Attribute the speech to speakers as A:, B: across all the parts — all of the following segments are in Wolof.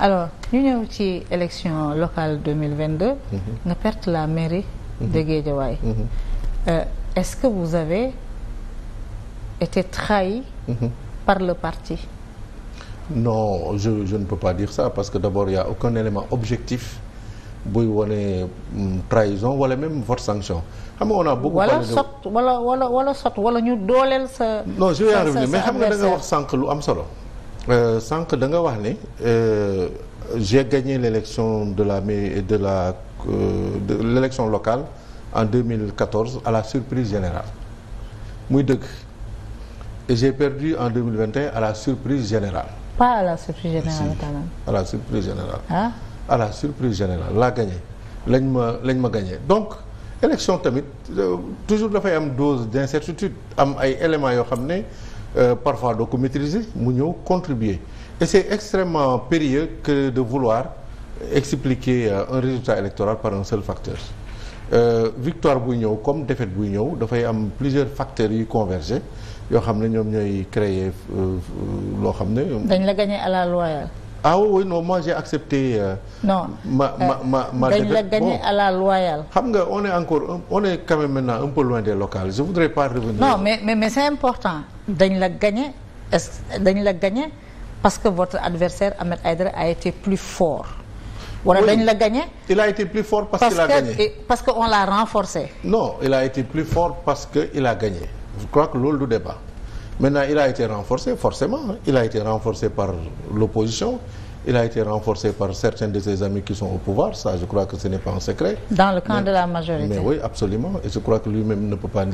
A: alors ñu ñëw ci élection locale 2022 mm-hmm. nga perte la mairie de mm-hmm. Guédiawaye mm-hmm. euh, est-ce que vous avez été trahi par le parti
B: non je je ne peux pas dire ça parce que d'abord il y aucun élément objectif buy wone mm, trahison wala même vote sanction xam nga on a beaucoup parlé de
A: wala wala wala sot wala ñu dooleel sa non je vais en revenir mais xam nga da wax
B: sànq lu am solo Euh, sànq da nga wax ne euh, j'ai gagné l'élection de la mais de la euh, de l'élection locale en 2014 à la surprise général muy dëgg et j'ai perdu en 2021 à la surprise générale.
A: pas à la surprise général Si,
B: à la surprise générale. ah la surprise laa gagné lañ ma lañ ma gagné donc élection tamit toujours dafay am dose d'incertitude am ay éléments yoo xam ne. Euh, parfois doo ko maîtriser mu ñëw contribuer et c'est extrêmement périlleux que de vouloir expliquer euh, un résultat électoral par un seul facteur Euh, victoire buy ñëw comme défaite buy ñëw dafay am plusieurs facteurs yu converger yoo xam ne ñoom ñooy créer euh, loo xam ne.
A: dañ la gagné à la loyale.
B: ah oui non moi j'ai accepté. ma ma ma ma. dañ la gagné
A: bon. à xam nga on
B: est encore on est quand même maintenant un peu loin des locales je voudrais pas revenir. non
A: mais mais c'est important. dañ la gagné est dañ la gagné parce que votre adversaire Ahmed Aïdara a été plus fort. wala dañ la gagné.
B: il a été parce, que,
A: parce l'a renforcé.
B: non il a été plus fort parce que a gagné. je crois que loolu du débat maintenant il a été renforcé forcément il a été renforcé par l'opposition il a été renforcé par certains de ses amis qui sont au pouvoir ça je crois que ce n'est pas un secret.
A: dans le camp de la majorité mais oui
B: absolument et je crois que lui-même ne peut pas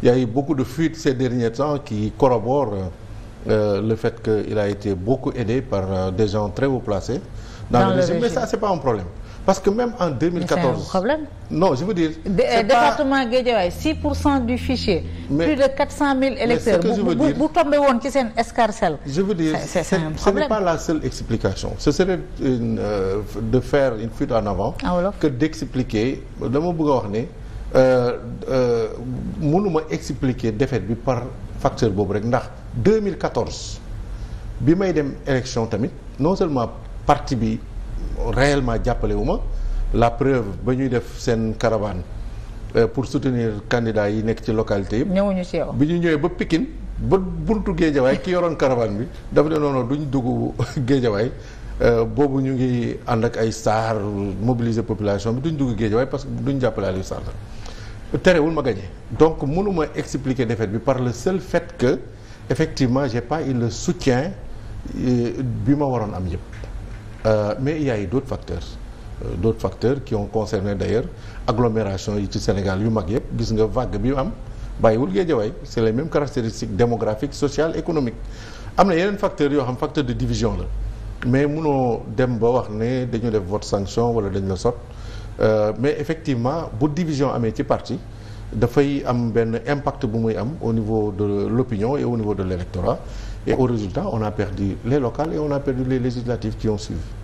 B: Il y a eu beaucoup de fuites ces derniers temps qui corroborent euh, le fait qu'il a été beaucoup aidé par euh, des gens très haut placés dans, le, régime. Mais c'est pas un problème. Parce que même en 2014... C'est un
A: problème Non,
B: je veux dire... Pas... département
A: Guédiawaye, 6% du fichier, mais, plus de 400 000 électeurs. Vous, vous, dire, vous, tombez ce
B: n'est pas la seule explication. Ce serait une, euh, de faire une fuite en avant ah, que d'expliquer... Euh, euh, mënuma expliquer defet bi par facteur boobu rek ndax 2014 bi may dem élection tamit non seulement parti bi réellement jàppale wu ma la preuve ba ñuy def seen caravane euh, pour soutenir candidats yi nekk ci localité yëpp. ñëwuñu ci yow bi ñu ñëwee ba pikin ba buntu Géejawaay ki yoroon caravane bi dafa ne noonu duñ dugg Géejawaay boobu ñu ngi ànd ak ay saar mobiliser population bi duñ dugg Géejawaay parce que duñ jàppale Aliou terewul ma gagné donc mënuma expliquer défaite bi par le seul fait que effectivement j'ai pas eu le soutien euh, bi ma waroon am yëpp euh, mais il y a eu d'autres facteurs euh, d'autres facteurs qui ont concerné d'ailleurs agglomération yi ci Sénégal yu mag yëpp gis nga vague bi am bàyyiwul Guédiawaye c'est les mêmes caractéristiques démographiques social économiques am na yeneen facteurs yoo xam facteur de division la mais munoo dem ba wax ne dañu def vote sanction wala dañ la sot Euh, mais effectivement bu division amee ci parti dafay am benn impact bu muy am au niveau de l'opinion et au niveau de l'électorat et au résultat on a perdu les locales et on a perdu les législatives qui on suivi